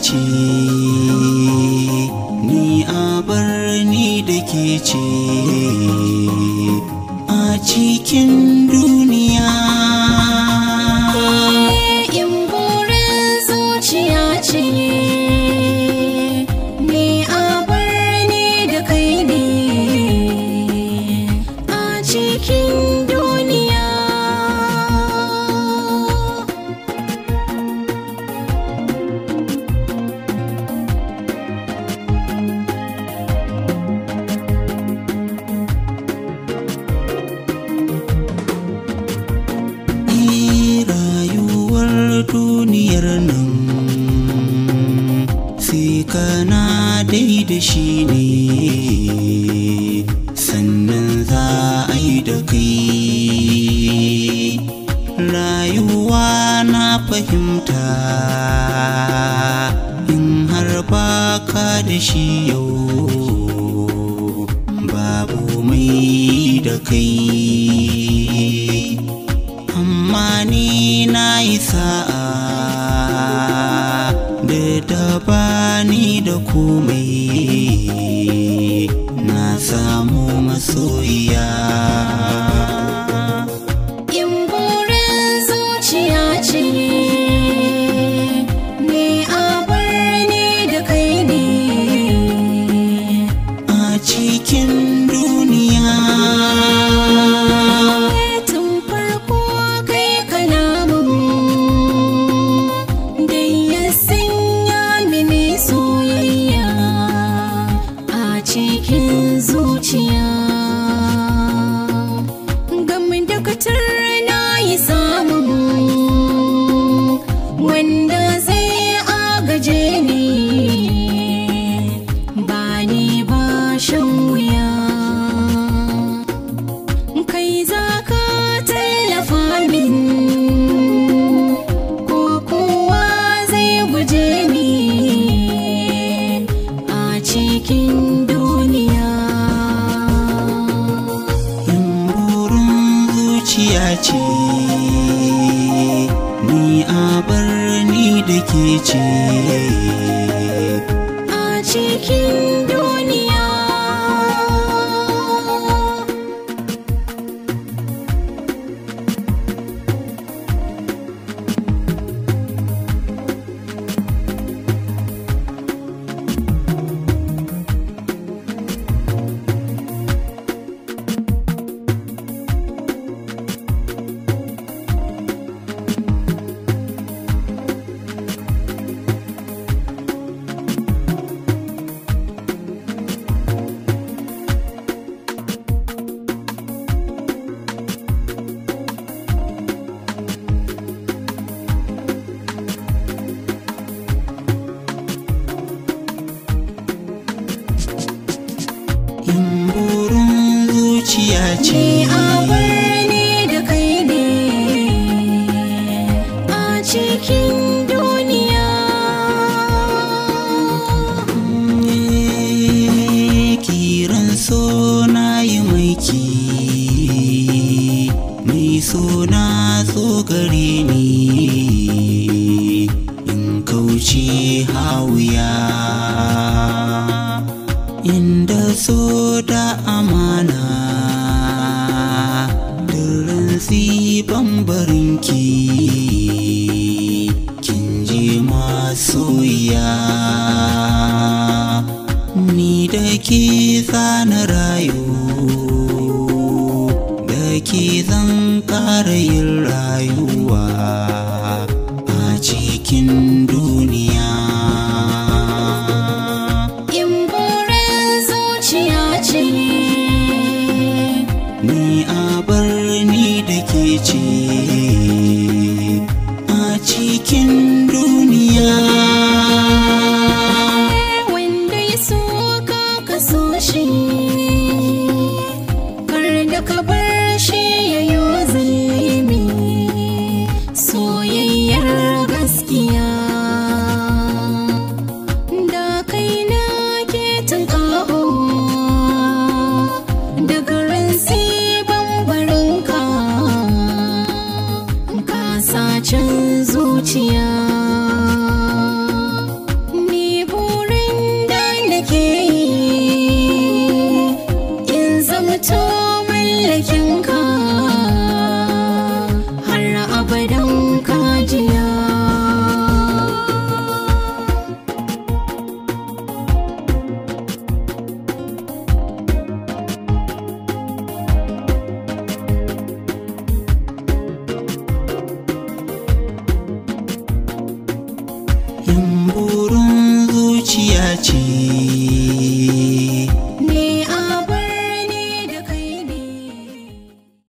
ce ni a birni da ke ce a cikin duniya eh, in burin zuciya ce yi da shi ne sannan za a yi da kai rayuwa na fahimta in har baka da shi yau babu mai da kai amma ni na yi sa'a da bani da komai na samu masoyiya wanda zai agaje ni ba ni ba shan wuya kai za ka tallafa min ko kowa zai guje ni a cikin duniya in zuciya ce da ke ce a cikin ya ce a da kai ne a cikin duniya kiran sona yi maiki mai sona tsogare ne in kauce hawuya inda so da suya ni da ke zana rayu da ke zan ƙara yin rayuwa a cikin duniya in burin zuciya ce ni a bar ni da ke ce a cikin can zuciya zuciya ce